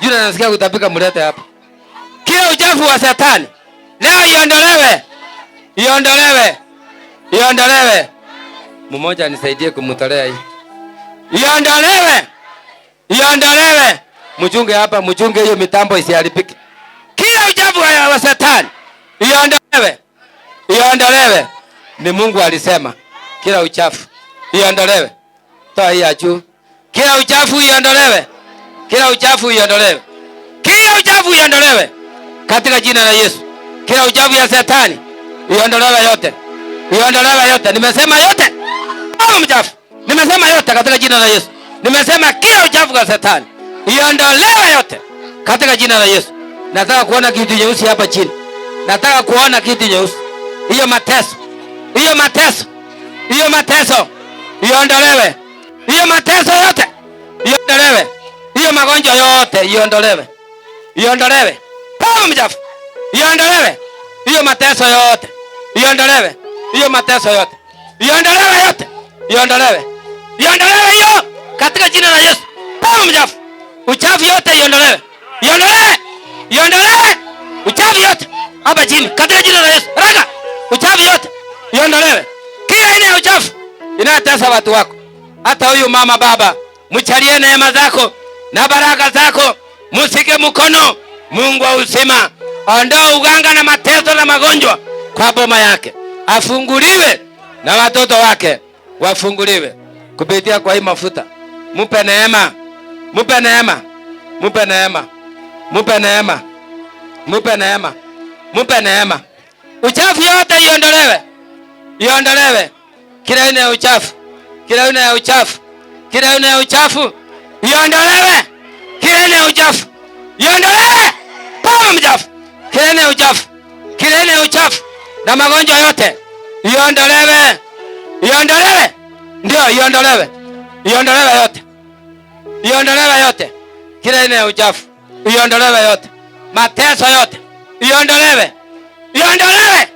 Yule anasikia kutapika, mlete hapa. Kila uchafu wa Satani leo iondolewe, iondolewe, iondolewe. Mmoja anisaidie kumtolea hii, iondolewe, iondolewe. Mchunge hapa, mchunge hiyo mitambo isiharibike. Kila uchafu wa Satani iondolewe, iondolewe. Ni Mungu alisema kila uchafu iondolewe. Toa hii ya juu, kila uchafu iondolewe. Kila uchafu iondolewe, kila uchafu iondolewe katika jina la Yesu. Kila uchafu ya Shetani iondolewe yote, iondolewe yote. Nimesema yote, kama mchafu nimesema yote katika jina la Yesu. Nimesema kila uchafu wa Shetani iondolewe yote katika jina la Yesu. Nataka kuona kitu nyeusi hapa chini, nataka kuona kitu nyeusi. Hiyo mateso, hiyo mateso, hiyo mateso iondolewe, hiyo mateso yote iondolewe hiyo magonjwa yote iondolewe, iondolewe. Poa mchafu iondolewe, hiyo mateso yote iondolewe, hiyo mateso yote iondolewe, yote iondolewe, iondolewe hiyo katika jina la Yesu. Poa mchafu, uchafu yote iondolewe, iondolewe, iondolewe, uchafu yote hapa chini katika jina la Yesu. raka uchafu yote iondolewe, kila aina ya uchafu inayotesa watu wako, hata huyu mama baba, mchalie neema zako na baraka zako, musike mkono Mungu wa uzima, ondoa uganga na mateso na magonjwa kwa boma yake, afunguliwe na watoto wake wafunguliwe kupitia kwa hii mafuta. Mupe neema, mupe neema, mupe neema, mupe neema, mupe neema, mupe neema. Uchafu yote iondolewe, iondolewe, kila aina ya uchafu, kila aina ya uchafu, kila aina ya uchafu iondolewe. Kilene uchafu iondolewe, poma mchafu, kilene uchafu, kilene uchafu na magonjwa yote iondolewe, iondolewe, ndio iondolewe, iondolewe yote, iondolewe yote, kilene uchafu iondolewe yote, mateso yote iondolewe, iondolewe,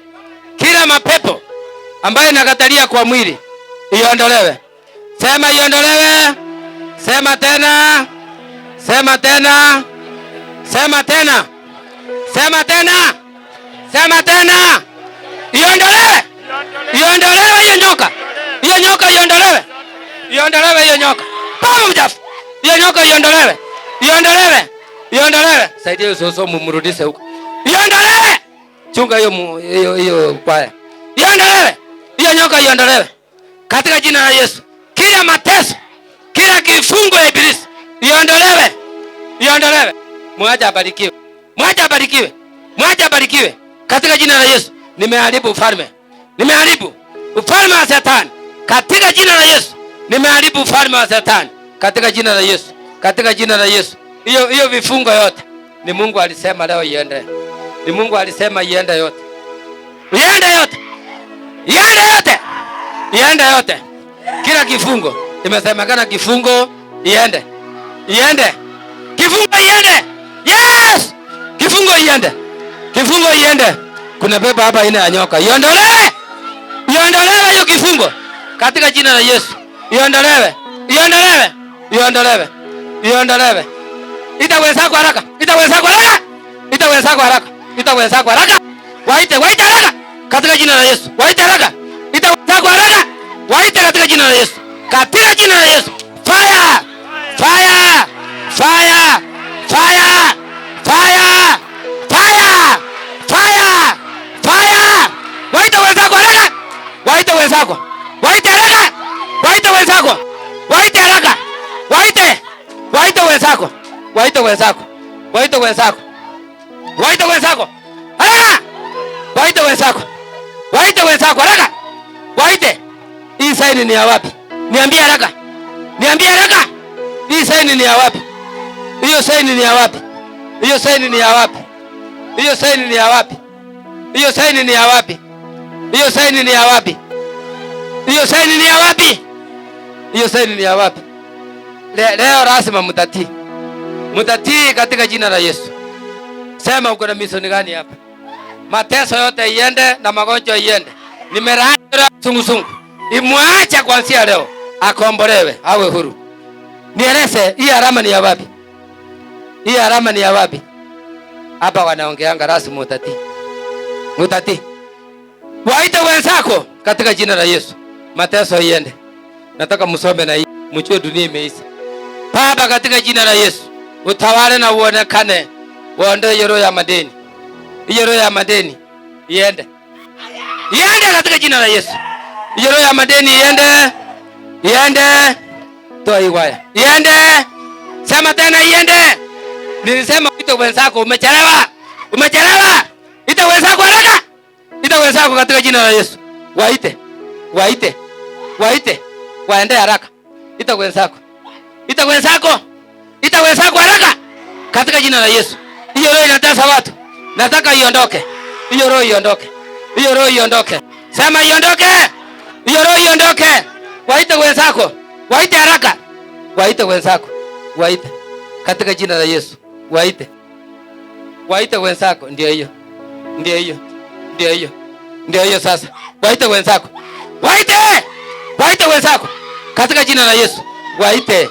kila mapepo ambayo inakatalia kwa mwili iondolewe. Sema iondolewe. Sema tena, sema tena, sema tena, sema tena, sema tena. Iondolewe, iondolewe hiyo nyoka, hiyo nyoka iondolewe, iondolewe hiyo nyoka pamoja mchafu, hiyo nyoka iondolewe, iondolewe, iondolewe. Saidia soso, mumrudishe huko, iondolewe. Chunga hiyo hiyo hiyo kwaya, iondolewe hiyo nyoka, iondolewe katika jina la Yesu, kila mateso kila kifungo ya Ibilisi iondolewe, iondolewe. Mwacha abarikiwe, mwacha abarikiwe, mwacha abarikiwe katika jina la Yesu. Nimeharibu ufalme, nimeharibu ufalme wa Shetani katika jina la Yesu. Nimeharibu ufalme wa Shetani katika jina la Yesu, katika jina la Yesu. Hiyo hiyo vifungo yote ni Mungu alisema leo iende, ni Mungu alisema iende yote, iende yote, iende yote, iende yote, kila kifungo Imesemekana kifungo iende, iende, kifungo iende. Yes, kifungo iende, kifungo iende. Kuna pepo hapa aina ya nyoka, iondolewe, iondolewe hiyo kifungo katika jina la Yesu, iondolewe, iondolewe, iondolewe, iondolewe. Itaweza kwa haraka, itaweza kwa haraka, itaweza kwa haraka, itaweza kwa haraka. Waite, waite haraka katika jina la Yesu, waite haraka, itaweza kwa haraka, waite katika jina la Yesu katika jina la Yesu, fire fire fire fire fire fire fire fire. Waita wenzako haraka, waita wenzako, waita haraka, waita wenzako, waita haraka, waite, waita wenzako, waita wenzako, waita wenzako, waita wenzako haraka, waita wenzako, waita wenzako haraka, waite. Hii saini ni ya wapi? Niambie haraka, niambie haraka, hii saini ni ya wapi? Hiyo saini ni ya wapi? Hiyo saini ni ya wapi? Hiyo saini ni ya wapi? Hiyo saini ni ya wapi? Hiyo saini ni ya wapi? Hiyo saini ni ya wapi? Hiyo saini ni ya wapi? Le, leo lazima mtatii, mtatii katika jina la Yesu. Sema uko na misioni gani hapa? Mateso yote iende na magonjwa iende, nimeraaira sungusungu imwacha kuanzia leo akombolewe, awe huru. Nieleze, hii alama ni ya wapi? Hii alama ni ya wapi? Hapa wanaongeanga rasmi mutati. Mutati. Waite wenzako katika jina la Yesu. Mateso iende. Nataka msome na hii. Mchoe dunia imeisha. Baba, katika jina la Yesu, utawale na uonekane. Waondoe hiyo roho ya madeni. Hiyo roho ya madeni iende. Iende katika jina la Yesu. Hiyo roho ya madeni iende. Iende. Toa hii waya. Iende. Sema tena iende. Nilisema ita wenzako umechelewa. Umechelewa. Ita wenzako haraka. Ita wenzako katika jina la Yesu. Waite. Waite. Waite. Waende haraka. Ita wenzako. Ita wenzako. Ita wenzako haraka katika jina la Yesu. Hiyo roho inatesa watu. Nataka iondoke. Hiyo roho iondoke. Hiyo roho iondoke. Sema iondoke. Hiyo roho iondoke waite wenzako, waite haraka, waite wenzako, waite katika jina la Yesu, waite, waite wenzako. Ndio hiyo, ndio hiyo, ndio hiyo, ndio hiyo. Sasa waite wenzako, waite, waite wenzako katika jina la Yesu, waite,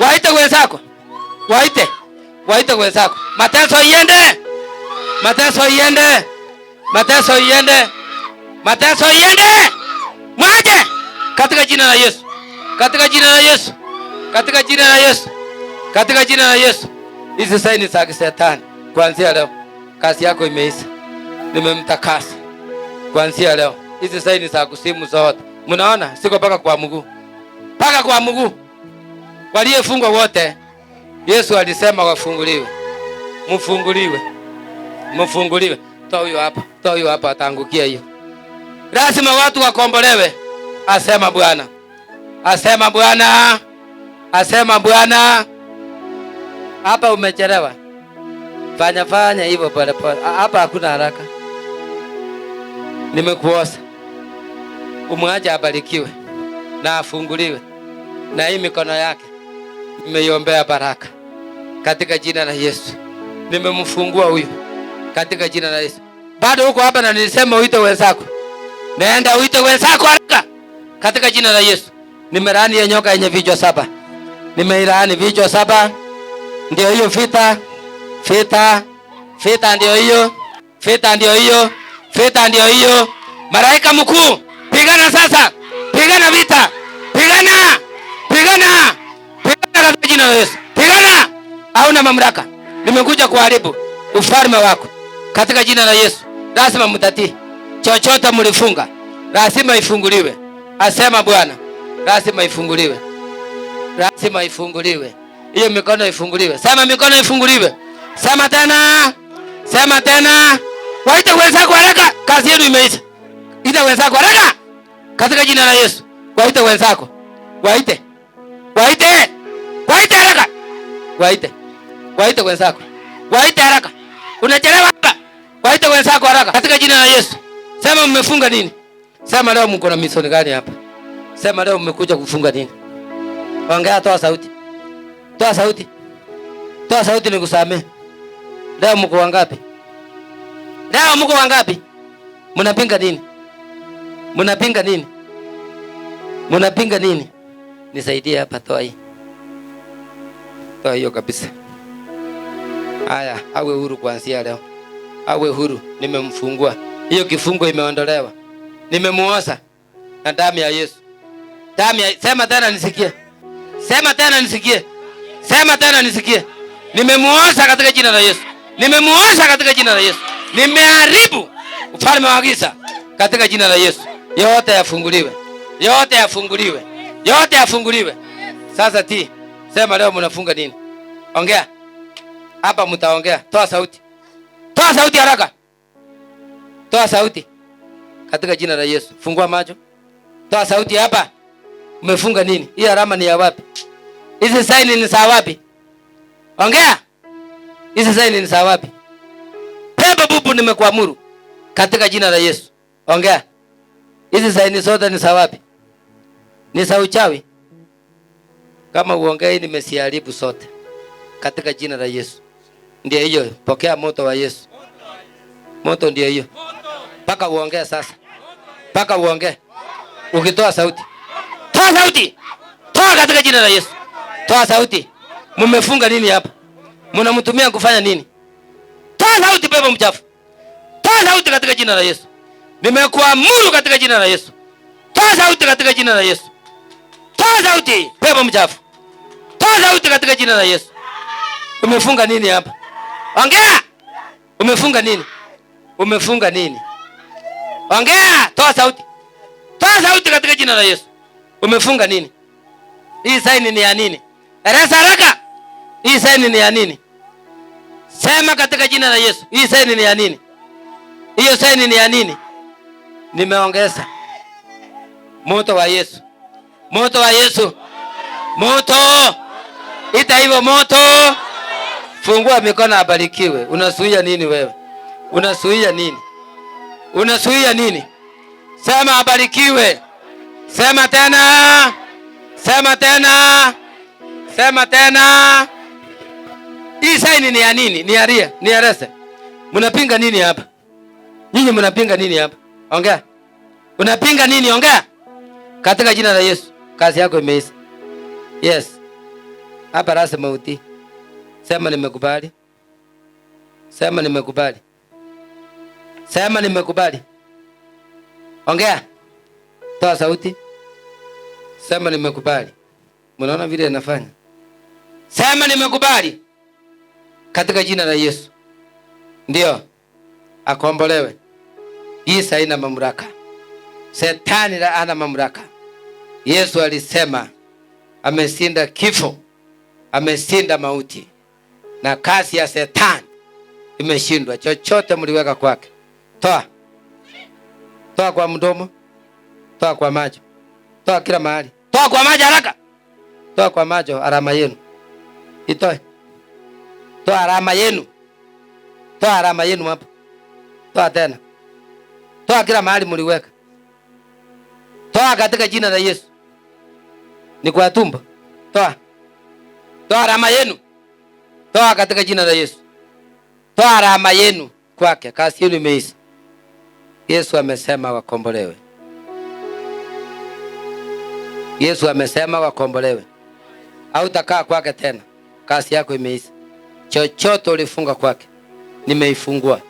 waite wenzako, waite, waite wenzako. Mateso iende, mateso iende, mateso iende, mateso iende, Mwaje katika jina la Yesu, katika jina la Yesu, katika jina la Yesu, katika jina la Yesu. Hizi saini za kisetani kuanzia leo, kazi yako imeisha. Nimemtakasa kuanzia leo. Hizi saini za kusimu zote mnaona, siko mpaka kwa mguu, mpaka kwa mguu. Waliyefungwa wote, Yesu alisema wafunguliwe, mfunguliwe, mfunguliwe. Toa huyo hapa, toa huyo hapa, ataangukia hiyo. Lazima watu wakombolewe asema Bwana, asema Bwana, asema Bwana. Hapa umechelewa, fanya fanya hivyo polepole. Hapa hakuna haraka. Nimekuosa umwaje abarikiwe na afunguliwe, na hii mikono yake nimeiombea baraka katika jina la Yesu. Nimemfungua huyu katika jina la Yesu. Bado huko hapa, na nilisema uite wenzako, nenda uite wenzako katika jina la Yesu. Nimelaani ya nyoka yenye vichwa saba, nimeilaani vichwa saba. Ndio hiyo vita, vita, vita, ndio hiyo vita, ndio hiyo vita, ndio hiyo. Malaika mkuu, pigana sasa, pigana vita, pigana, pigana, pigana katika jina la Yesu, pigana. Hauna mamlaka, nimekuja kuharibu ufalme wako katika jina la Yesu. Lazima mtatii chochote mlifunga, lazima ifunguliwe asema Bwana, lazima ifunguliwe, lazima ifunguliwe, hiyo mikono ifunguliwe. Sema mikono ifunguliwe, sema tena, sema tena. Waite wenzako haraka, kazi yenu imeisha. Ita wenzako haraka katika jina la Yesu. Waite wenzako, waite, waite, waite haraka, waite, waite wenzako, waite haraka. Unachelewa, hapa, waite wenzako haraka katika jina la Yesu. Sema mmefunga nini? Sema leo mko na mission gani hapa? Sema leo mmekuja kufunga nini? Ongea, toa sauti. Toa sauti. Toa sauti nikusamee. Leo mko wangapi? Leo mko wangapi? Mnapinga nini? Mnapinga nini? Mnapinga nini? Nisaidie hapa, toa hii. Toa hiyo kabisa. Aya, awe huru kuanzia leo. Awe huru, nimemfungua. Hiyo kifungo imeondolewa nimemuoza na damu ya Yesu. Damu ya sema tena nisikie. Sema tena nisikie. Sema tena nisikie. Nimemuoza katika jina la Yesu. Nimemuoza katika jina la Yesu. Nimeharibu ufalme wa giza katika jina la Yesu. Yote yafunguliwe. Yote yafunguliwe. Yote yafunguliwe. Sasa ti sema leo mnafunga nini? Ongea. Hapa mtaongea. Toa sauti. Toa sauti haraka. Toa sauti katika jina la Yesu. Fungua macho. Toa sauti hapa. Umefunga nini? Hii alama ni ya wapi? Hizi saini ni za wapi? Ongea. Hizi saini ni za wapi? Pepo bubu, nimekuamuru katika jina la Yesu. Ongea. Hizi saini zote ni za wapi? Ni za uchawi. Kama hii, nimesiharibu sote katika jina la Yesu. Ndio hiyo, pokea moto wa Yesu. Moto ndio hiyo. Paka uongee sasa. Paka uongee. Ukitoa sauti. Toa sauti. Toa katika jina la Yesu. Toa sauti. Mmefunga nini hapa? Mnamtumia kufanya nini? Toa sauti pepo mchafu. Toa sauti katika jina la Yesu. Nimekuamuru katika jina la Yesu. Toa sauti katika jina la Yesu. Toa sauti pepo mchafu. Toa sauti katika jina la Yesu. Umefunga nini hapa? Ongea. Umefunga nini? Umefunga nini? Ongea, toa sauti, toa sauti katika jina la Yesu. Umefunga nini? Hii saini ni ya nini? Eleza haraka, hii saini ni ya nini? Sema katika jina la Yesu, hii saini ni ya nini? Hiyo saini ni ya nini? Nimeongeza moto wa Yesu, moto wa Yesu, moto ita hivyo, moto. Fungua mikono, abarikiwe. Unasuia nini wewe? Unasuia nini? Unasuia nini? Sema abarikiwe. Sema tena, sema tena, sema tena. Hii saini ni ya nini? Ni ya ria, ni ya rese. Mnapinga nini hapa? Nyinyi mnapinga nini hapa? Ongea. Unapinga nini? Ongea. Katika jina la Yesu, kazi yako imeisha. Yes. Hapa rasa mauti. Sema nimekubali. Sema nimekubali. Sema nimekubali. Ongea. Toa sauti. Sema nimekubali. Mnaona vile anafanya? Sema nimekubali. Katika jina la Yesu. Ndiyo. Akombolewe. isa haina mamlaka. Shetani la ana mamlaka. Yesu alisema ameshinda kifo, ameshinda mauti, na kazi ya Shetani imeshindwa. Chochote mliweka kwake Toa. Toa kwa mdomo. Toa kwa macho. Toa kila mahali. Toa kwa macho haraka. Toa kwa macho alama yenu. Itoe. Toa alama yenu. Toa alama yenu hapa. Toa tena. Toa kila mahali mliweka. Toa katika jina la Yesu. Ni kwa tumbo. Toa. Toa alama yenu. Toa katika jina la Yesu. Toa alama yenu kwake. Kasi yenu imeisha. Yesu amesema wakombolewe. Yesu amesema wakombolewe. takaa kwake tena, kasi yako imeisha. Chochote ulifunga kwake nimeifungua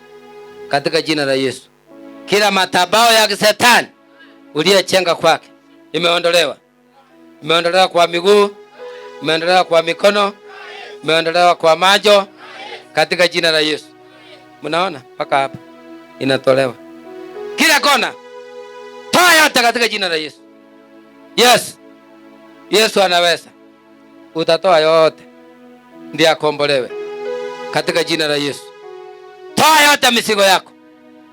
katika jina la Yesu. Kila matabao ya kisetani uliyechenga kwake imeondolewa, imeondolewa kwa miguu, imeondolewa kwa mikono, imeondolewa kwa macho katika jina la Yesu. Mnaona mpaka hapa inatolewa kila kona, toa yote katika jina la Yesu. Yes, Yesu anaweza, utatoa yote ndiye akombolewe katika jina la Yesu. Toa yote misigo yako,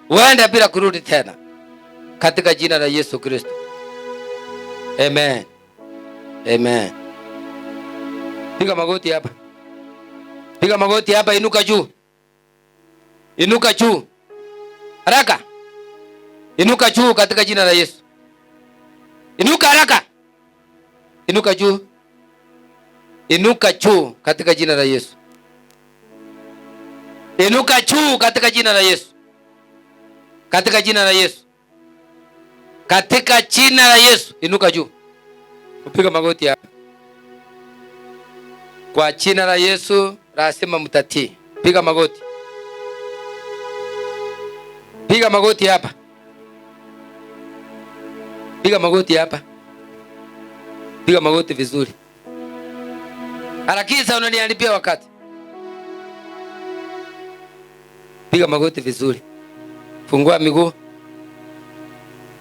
uende bila kurudi tena katika jina la Yesu Kristo. Amen. Amen. Piga magoti hapa, piga magoti hapa, inuka juu, inuka juu haraka. Inuka juu katika jina la Yesu. Inuka haraka. Inuka juu. Inuka juu katika jina la Yesu. Inuka juu katika jina la Yesu. Katika jina la Yesu. Katika jina la Yesu, inuka juu. Upiga magoti hapa. Kwa jina la Yesu, rasema mtatii. Piga magoti. Piga magoti hapa. Piga magoti hapa, piga magoti vizuri. Harakisha, unaniharibia wakati. Piga magoti vizuri, fungua miguu,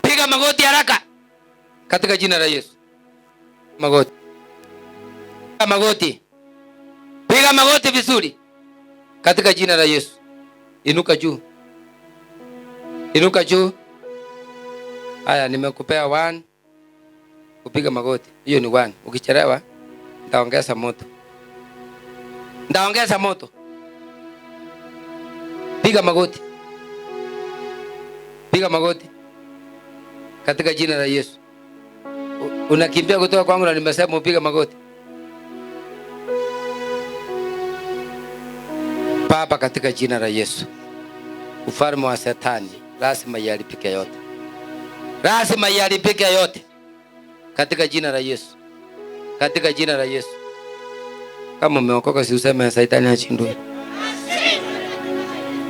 piga magoti haraka, katika jina la Yesu. Magoti, piga magoti, piga magoti vizuri, katika jina la Yesu. Inuka juu, inuka juu. Haya, nimekupea one kupiga magoti, hiyo ni one. Ukichelewa nitaongeza moto, nitaongeza moto. Piga magoti, piga magoti katika jina la Yesu. Unakimbia kutoka kwangu na nimesema upiga magoti Baba, katika jina la Yesu, ufalme wa Shetani lazima yalipike yote lazima iharibike yote katika jina la Yesu, katika jina la Yesu. Kama umeokoka, si useme saitani ashindwe,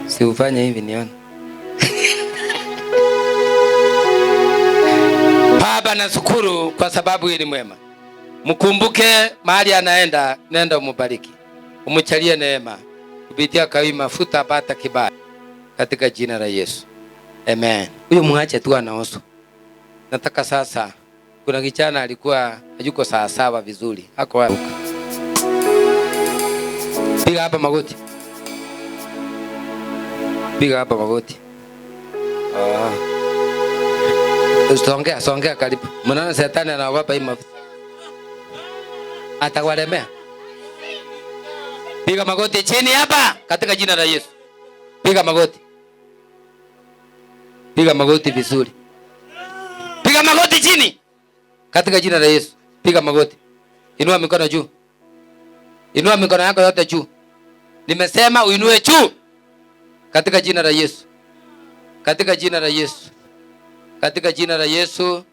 si ufanye hivi nione. Baba, nashukuru kwa sababu ili mwema. Mkumbuke mahali anaenda, nenda umubariki, umuchalie neema kupitia kawi mafuta, pata kibali katika jina la Yesu, amen. Huyu mwache tu anaoso nataka sasa. Kuna kijana alikuwa hayuko sawasawa vizuri, hako wapi piga hapa magoti, piga hapa magoti. Ah, songea songea, karibu. Mnaona shetani anawapa hii mafuta, atawalemea. Piga magoti chini hapa, katika jina la Yesu. Piga magoti, piga magoti vizuri. Piga magoti chini. Katika jina la Yesu, piga magoti. Inua mikono juu. Inua mikono yako yote juu. Nimesema uinue juu. Katika jina la Yesu. Katika jina la Yesu. Katika jina la Yesu,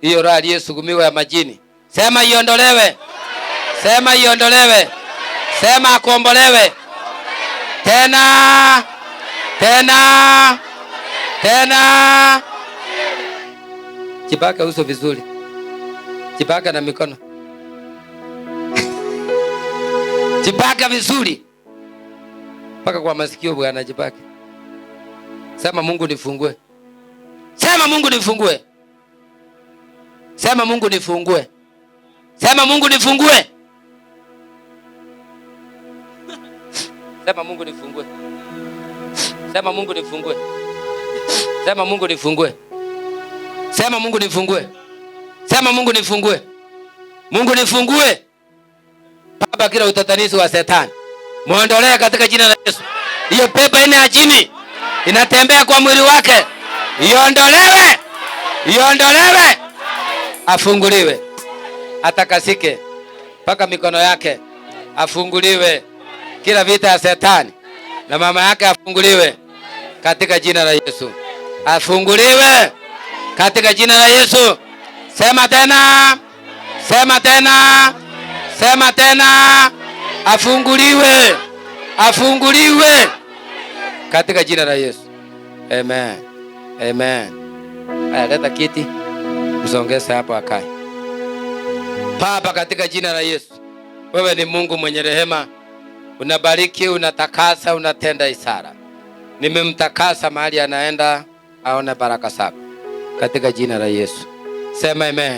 hiyo roho aliyesukumiwa ya majini. Sema iondolewe. Sema iondolewe. Sema akombolewe. Tena. Tena. Tena. Jipaka uso vizuri, jipaka na mikono, jipaka vizuri mpaka kwa masikio. Bwana jipaka, sema Mungu nifungue, sema Mungu nifungue, sema Mungu nifungue, sema Mungu nifungue, sema Mungu nifungue, sema Mungu nifungue, sema Mungu nifungue. Sema Mungu nifungue. Sema Mungu nifungue. Mungu nifungue. Baba, kila utatanisi wa Shetani muondolee katika jina la Yesu. Hiyo pepa ine ya inatembea kwa mwili wake, iondolewe, iondolewe, afunguliwe, atakasike mpaka mikono yake, afunguliwe kila vita ya Shetani na mama yake afunguliwe katika jina la Yesu, afunguliwe katika jina la Yesu. Sema tena, sema tena, sema tena, afunguliwe, afunguliwe katika jina la Yesu. Amen, amen. Aya, leta kiti msongeze hapo akae. Baba, katika jina la Yesu, wewe ni Mungu mwenye rehema, unabariki, unatakasa, unatenda isara. Nimemtakasa mahali anaenda aone baraka zako katika jina la Yesu, sema amen.